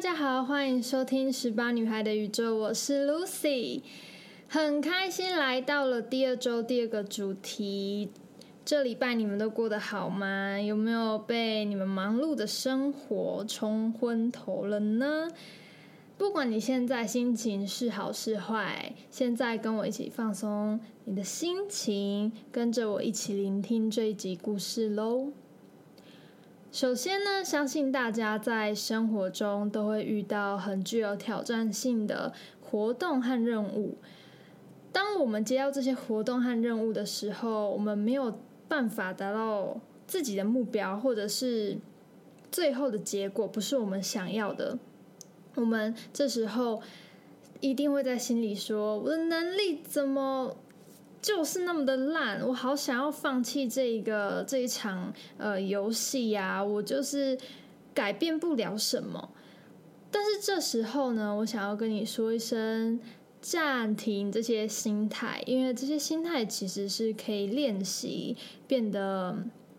大家好，歡迎收聽《十八女孩的宇宙》，我是 Lucy，很開心來到了第二週第二個主題。這禮拜你們都過得好嗎？有沒有被你們忙碌的生活沖昏頭了呢？不管你現在心情是好是壞，現在跟我一起放鬆你的心情，跟着我一起聆聽這一集故事嘍。首先呢，相信大家在生活中都會遇到很具有挑戰性的活動和任務。當我們接到這些活動和任務的時候，我們沒有辦法達到自己的目標，或者是最後的結果不是我們想要的。我們這時候一定會在心裡說：“我的能力怎麼？”就是那麼的爛，我好想要放棄這一個這一場呃遊戲呀、啊！我就是改變不了什麼。但是這時候呢，我想要跟你說一聲暫停這些心態，因為這些心態其實是可以練習變得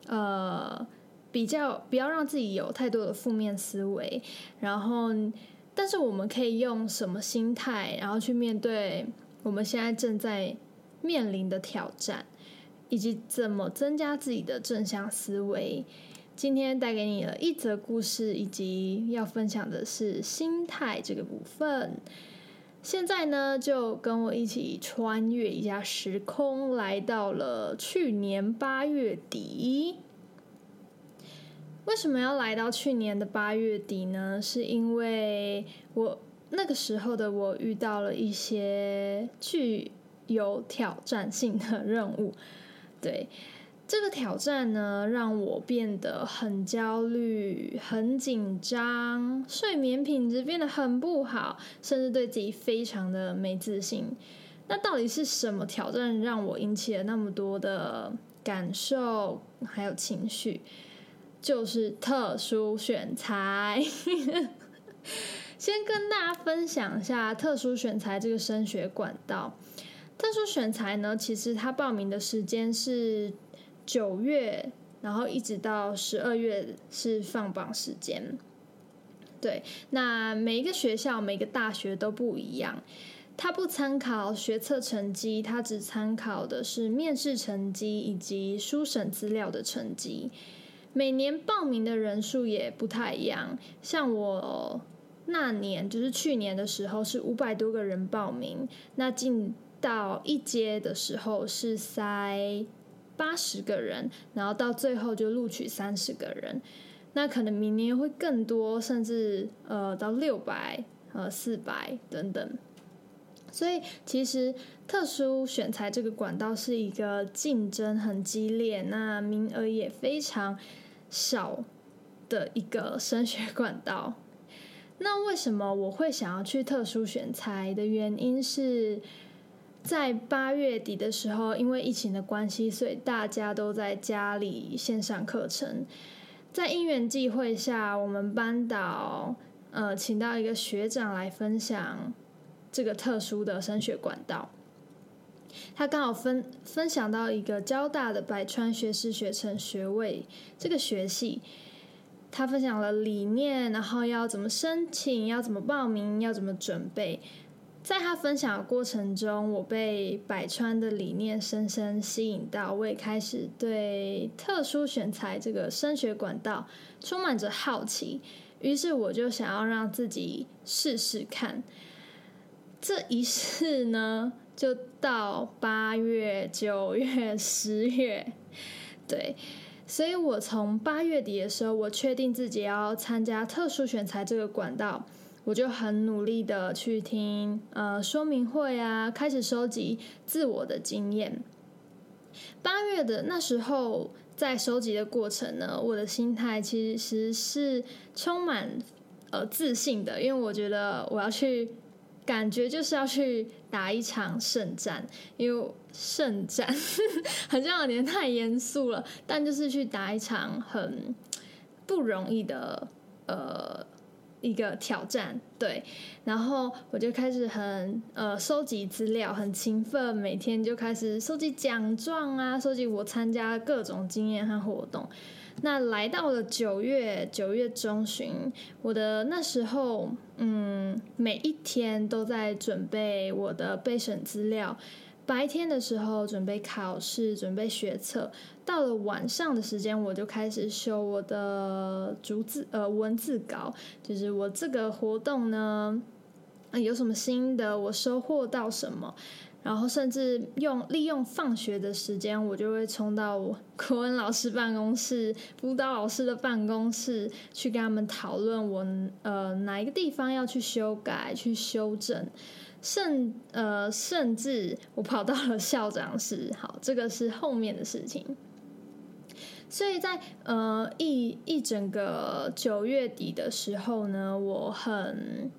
呃比較不要讓自己有太多的負面思維。然後，但是我們可以用什麼心態，然後去面對我們現在正在。面臨的挑戰，以及怎麼增加自己的正向思維。今天帶給你了一則故事，以及要分享的是心態這個部分。現在呢，就跟我一起穿越一下時空，來到了去年八月底。為什麼要來到去年的八月底呢？是因為我那個時候的我遇到了一些去有挑戰性的任務，對這個挑戰呢，讓我變得很焦慮、很緊張，睡眠品質變得很不好，甚至對自己非常的沒自信。那到底是什麼挑戰讓我引起了那麼多的感受還有情緒？就是特殊選才。 先跟大家分享一下特殊選才這個升學管道。特殊選才呢，其實他報名的時間是九月，然後一直到十二月是放榜時間。對，那每一個學校、每個大學都不一樣。他不參考學測成績，他只參考的是面試成績以及書審資料的成績。每年報名的人數也不太一樣。像我那年，就是去年的時候，是五百多個人報名，那進。到一階的時候是塞八十個人，然後到最後就錄取三十個人。那可能明年會更多，甚至呃到六百、呃四百、呃、等等。所以其實特殊選才這個管道是一個競爭很激烈，那名額也非常少的一個升學管道。那為什麼我會想要去特殊選才的原因是？在八月底的時候，因為疫情的關係，所以大家都在家裡線上課程。在因緣際會下，我們班導呃請到一個學長來分享這個特殊的升學管道。他剛好分分享到一個交大的百川學士學程學位這個學系，他分享了理念，然後要怎麼申請，要怎麼報名，要怎麼準備。在他分享的過程中，我被百川的理念深深吸引到，我也開始對特殊選才這個升學管道，充滿着好奇。於是我就想要讓自己試試看。這一試呢，就到八月、九月、十月，對，所以我從八月底的時候，我確定自己要參加特殊選才這個管道。我就很努力的去聽，呃，說明會啊，開始收集自我的經驗。八月的那時候，在收集的過程呢，我的心態其實是充滿呃自信的，因為我覺得我要去，感覺就是要去打一場聖戰，因為聖戰， 好像有點太嚴肅了，但就是去打一場很不容易的，呃。一個挑戰，對，然後我就開始很呃收集資料，很勤奮，每天就開始收集獎狀啊，收集我參加各種經驗和活動。那來到了九月，九月中旬，我的那時候嗯，每一天都在準備我的備審資料。白天的時候準備考試，準備學測，到了晚上的時間，我就開始修我的逐字呃文字稿，就是我這個活動呢有什麼心得，我收穫到什麼，然後甚至用利用放學的時間，我就會衝到我國文老師辦公室、輔導老師的辦公室去跟他們討論，我呃哪一個地方要去修改、去修正。甚呃，甚至我跑到了校長室。好，這個是後面的事情。所以在呃一一整個九月底的時候呢，我很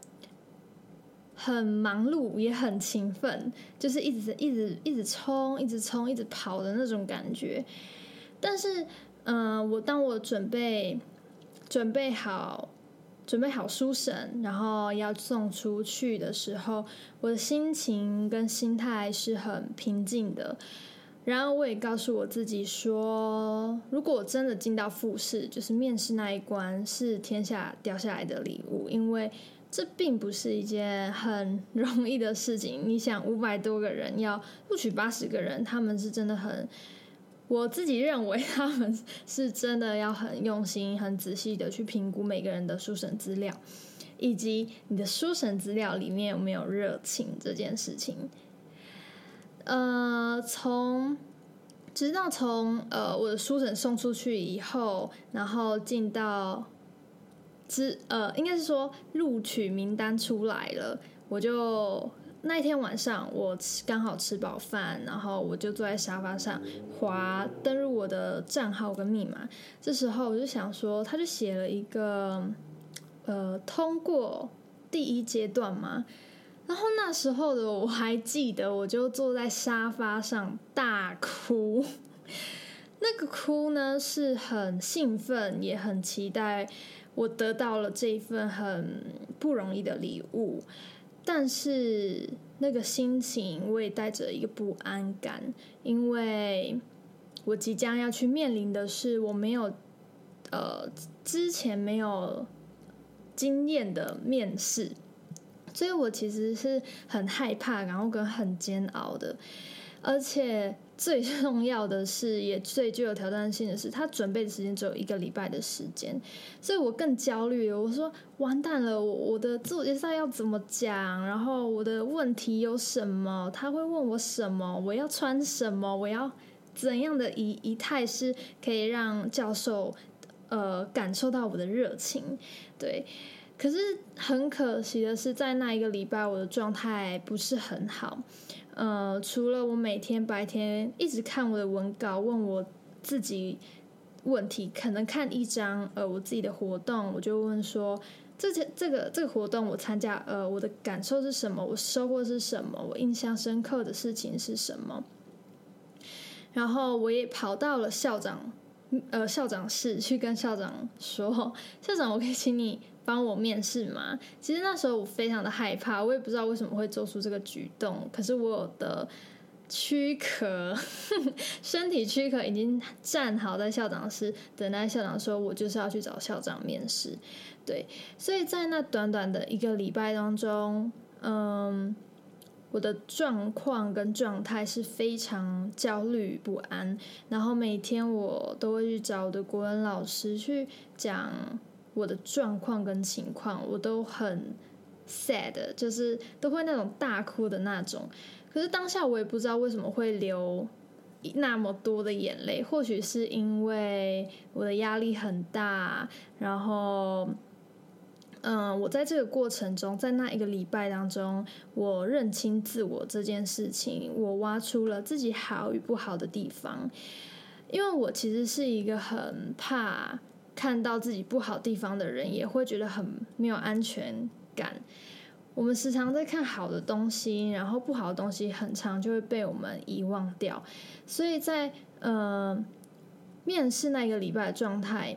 很忙碌，也很勤奮，就是一直一直一直衝，一直衝，一直跑的那種感覺。但是，嗯、呃，我當我準備準備好。準備好書審，然後要送出去的時候，我的心情跟心態是很平靜的。然後我也告訴我自己說，如果我真的進到複試，就是面試那一關，是天下掉下來的禮物，因為這並不是一件很容易的事情。你想，五百多個人要錄取八十個人，他們是真的很。我自己認為他們是真的要很用心、很仔細的去評估每個人的書審資料，以及你的書審資料裡面有沒有熱情這件事情。呃，從直到從呃我的書審送出去以後，然後進到之呃，應該是說，錄取名單出來了，我就。那一天晚上，我剛好吃飽飯，然後我就坐在沙發上滑，滑登錄我的賬號跟密碼。這時候我就想說，他就寫了一個，呃，通過第一階段嘛。然後那時候的我還記得，我就坐在沙發上大哭。 那個哭呢，是很興奮，也很期待，我得到了這一份很不容易的禮物。但是那個心情，我也帶着一個不安感，因為我即將要去面臨的是我沒有呃之前沒有經驗的面試，所以我其實是很害怕，然後跟很煎熬的。而且最重要的是，也最具有挑戰性的是，他準備的時間只有一個禮拜的時間，所以我更焦慮。我說完蛋了，我我的自我介紹要怎麼講？然後我的問題有什麼？他會問我什麼？我要穿什麼？我要怎樣的儀儀態是可以讓教授呃感受到我的熱情。對，可是很可惜的是，在那一個禮拜，我的狀態不是很好。呃，除了我每天白天一直看我的文稿，問我自己問題，可能看一張呃我自己的活動，我就問說，這件這個這個活動我參加，呃，我的感受是什麼？我收穫是什麼？我印象深刻的事情是什麼？然後我也跑到了校長，呃，校長室去跟校長說，校長，我可以請你幫我面試嘛？其實那時候我非常的害怕，我也不知道為什麼會做出這個舉動。可是我的軀殼，呵呵身體軀殼已經站好在校長室，等待、那個、校長說：“我就是要去找校長面試。”對，所以在那短短的一個禮拜當中，嗯，我的狀況跟狀態是非常焦慮不安。然後每天我都會去找我的國文老師去講。我的狀況跟情況，我都很 sad，就是都會那種大哭的那種。可是當下我也不知道為什麼會流那麼多的眼淚，或許是因為我的壓力很大。然後，嗯，我在這個過程中，在那一個禮拜當中，我認清自我這件事情，我挖出了自己好與不好的地方，因為我其實是一個很怕。看到自己不好地方的人也會覺得很沒有安全感。我們時常在看好的東西，然後不好的東西很常就會被我們遺忘掉。所以在呃面試那個禮拜的狀態，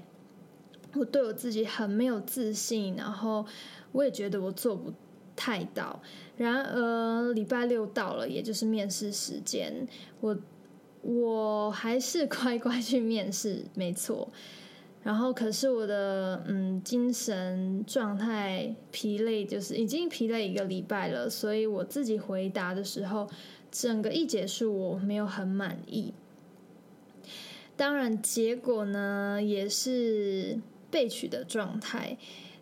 我對我自己很沒有自信，然後我也覺得我做不太到。然而，呃，禮拜六到了，也就是面試時間，我我還是乖乖去面試，沒錯。然後，可是我的嗯精神狀態疲累，就是已經疲累一個禮拜了，所以我自己回答的時候，整個一結束我沒有很滿意。當然，結果呢也是備取的狀態。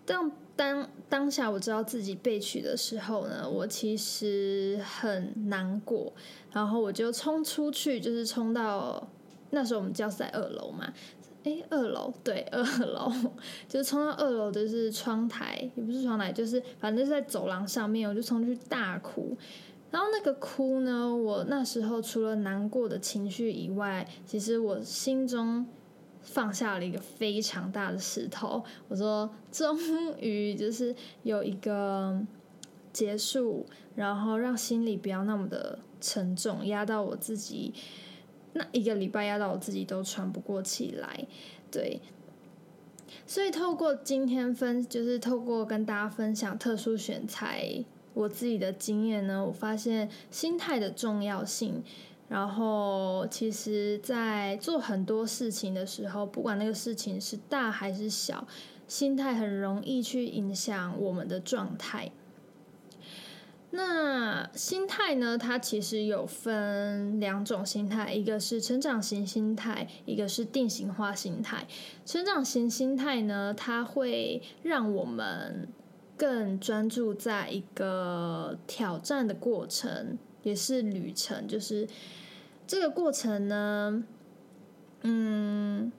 但當當下我知道自己備取的時候呢，我其實很難過。然後我就衝出去，就是衝到那時候我們教室在二樓嘛。誒，二樓，對，二樓，就是衝到二樓，就是窗台，也不是窗台，就是反正在走廊上面，我就衝去大哭。然後那個哭呢，我那時候除了難過的情緒以外，其實我心中放下了一個非常大的石頭。我說，終於就是有一個結束，然後讓心裡不要那麼的沉重，壓到我自己。那一個禮拜壓到我自己都喘不過氣來，對，所以透過今天分，就是透過跟大家分享特殊選才，我自己的經驗呢，我發現心態的重要性。然後，其實在做很多事情的時候，不管那個事情是大還是小，心態很容易去影響我們的狀態。那心態呢，它其實有分兩種心態，一個是成長型心態，一個是定型化心態。成長型心態呢，它會讓我們更專注在一個挑戰的過程，也是旅程，就是這個過程呢，嗯，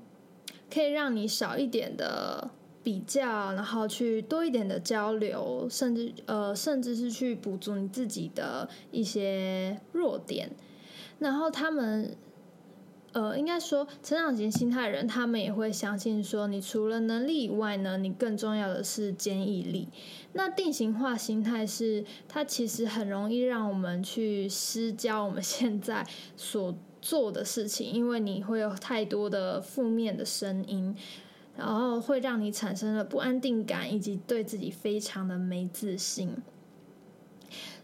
可以讓你少一點的。比較，然後去多一點的交流，甚至呃，甚至是去補足你自己的一些弱點。然後他們，呃，應該說成長型心態的人，他們也會相信說，你除了能力以外呢，你更重要的是堅毅力。那定型化心態是，它其實很容易讓我們去失焦我們現在所做的事情，因為你會有太多的負面的聲音。然後會讓你產生了不安定感，以及對自己非常的沒自信。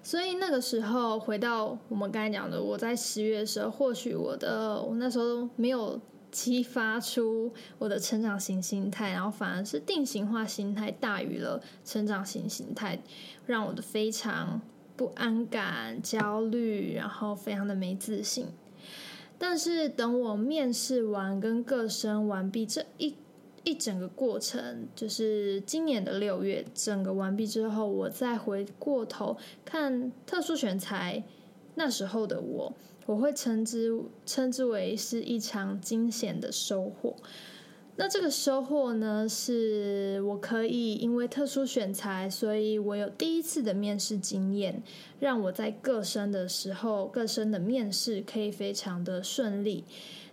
所以那個時候，回到我們剛才講的，我在十月的時候，或許我的，我那時候沒有激發出我的成長型心態，然後反而是定型化心態大於了成長型心態，讓我的非常不安感、焦慮，然後非常的沒自信。但是等我面試完跟各升完畢這一。一整個過程就是今年的六月，整個完畢之後，我再回過頭看特殊選才那時候的我，我會稱之稱之為是一場驚險的收穫。那這個收穫呢，是我可以因為特殊選才，所以我有第一次的面試經驗，讓我在個申的時候，個申的面試可以非常的順利。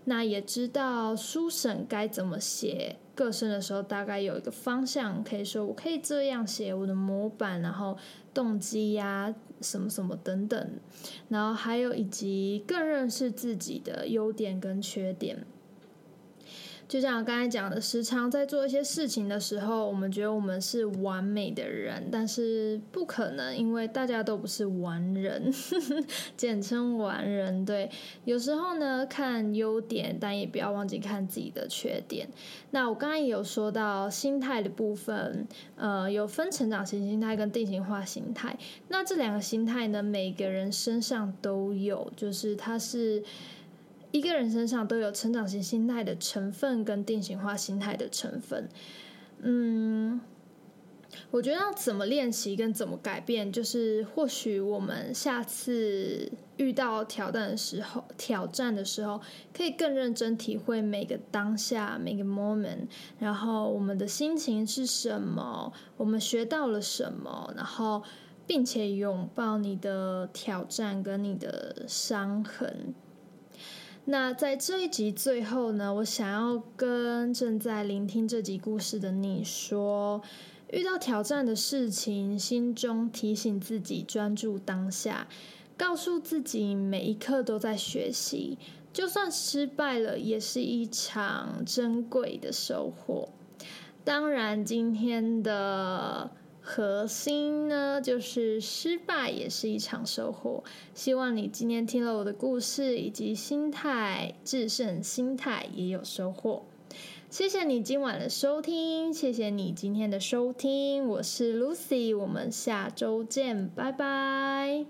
那也知道書審該怎麼寫。個性的時候，大概有一個方向，可以說我可以這樣寫我的模板，然後動機呀、啊，什麼什麼等等，然後還有以及更認識自己的優點跟缺點。就像我剛才講的，時常在做一些事情的時候，我們覺得我們是完美的人，但是不可能，因為大家都不是完人，呵呵，簡稱完人。對，有時候呢，看優點，但也不要忘記看自己的缺點。那我剛才也有說到心態的部分，呃，有分成長型心態跟定型化心態。那這兩個心態呢，每個人身上都有，就是它是。一個人身上都有成長型心態的成分跟定型化心態的成分，嗯，我覺得要怎麼練習跟怎麼改變，就是或許我們下次遇到挑戰的時候，挑戰的時候，可以更認真體會每個當下，每個 moment，然後我們的心情是什麼，我們學到了什麼，然後並且擁抱你的挑戰跟你的傷痕。那在這一集最後呢，我想要跟正在聆聽這集故事的你說，遇到挑戰的事情，心中提醒自己專注當下，告訴自己每一刻都在學習，就算失敗了，也是一場珍貴的收穫。當然，今天的。核心呢，就是失敗也是一場收穫。希望你今天聽了我的故事以及心態制勝，自身心態也有收穫。謝謝你今晚的收聽，謝謝你今天的收聽，我是 Lucy，我們下周見，拜拜。